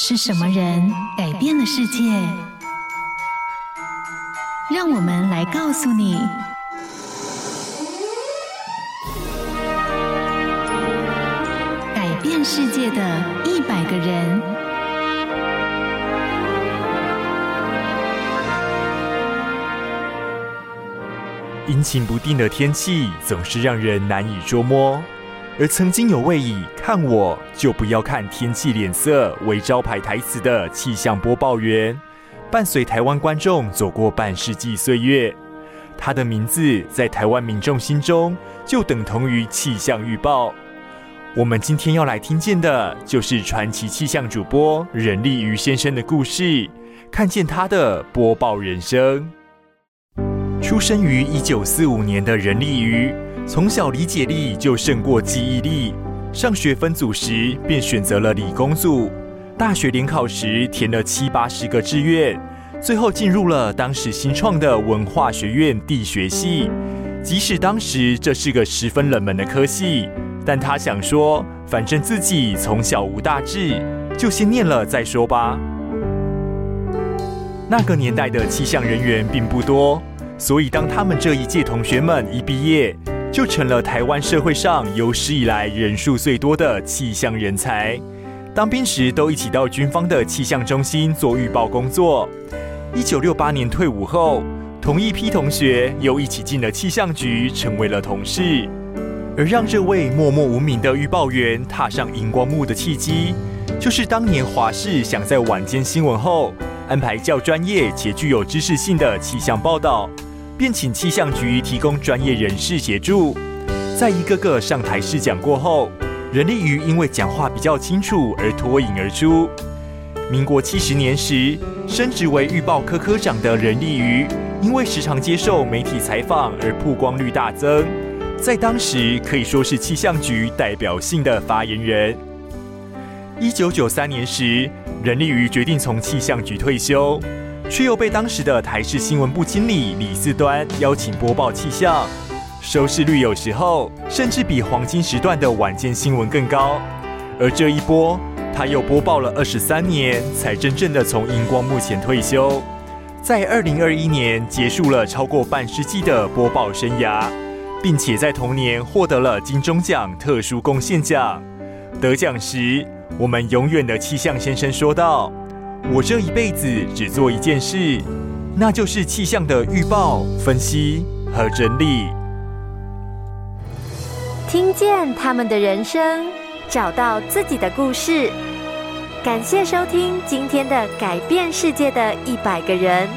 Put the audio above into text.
是什麼人改變了世界，改變世界？讓我們來告訴你：改變世界的一百個人。陰晴不定的天氣總是讓人難以捉摸。而曾經有位以“看我就不要看天氣臉色”為招牌台詞的氣象播報員，伴隨台灣觀眾走過半世紀歲月，他的名字在台灣民眾心中就等同於氣象預報。我們今天要來聽見的，就是傳奇氣象主播任立渝先生的故事，看見他的播報人生。出生於一九四五年的任立渝，從小理解力就勝過記憶力，上學分組時便選擇了理工組。大學聯考時填了七八十個志願，最後進入了當時新創的文化學院地學系。即使當時這是個十分冷門的科系，但他想說，反正自己從小無大志，就先念了再說吧。那個年代的氣象人員並不多，所以當他們這一屆同學們一畢業。就成了臺灣社會上有史以來人數最多的氣象人才。當兵時都一起到軍方的氣象中心做預報工作。一九六八年退伍後，同一批同學又一起進了氣象局，成為了同事。而讓這位默默無名的預報員踏上熒光幕的契機，就是當年華視想在晚間新聞後安排較專業且具有知識性的氣象報道。便請氣象局提供專業人士協助，在一個個上台試講過後，任立渝因為講話比較清楚而脫穎而出。民國七十年時，升職為預報科科科長的任立渝，因為時常接受媒體採訪而曝光率大增，在當時可以說是氣象局代表性的發言人。一九九三年時，任立渝決定從氣象局退休。卻又被當時的台視新聞部經理李四端邀請播報氣象，收視率有時候甚至比黃金時段的晚間新聞更高。而這一波，他又播報了二十三年，才真正的從熒光幕前退休，在二零二一年結束了超過半世紀的播報生涯，並且在同年獲得了金鐘獎特殊貢獻獎。得獎時，我們永遠的氣象先生說道。我這一輩子只做一件事，那就是氣象的預報、分析和整理。聽見他們的人生，找到自己的故事。感謝收聽今天的《改變世界的一百個人》。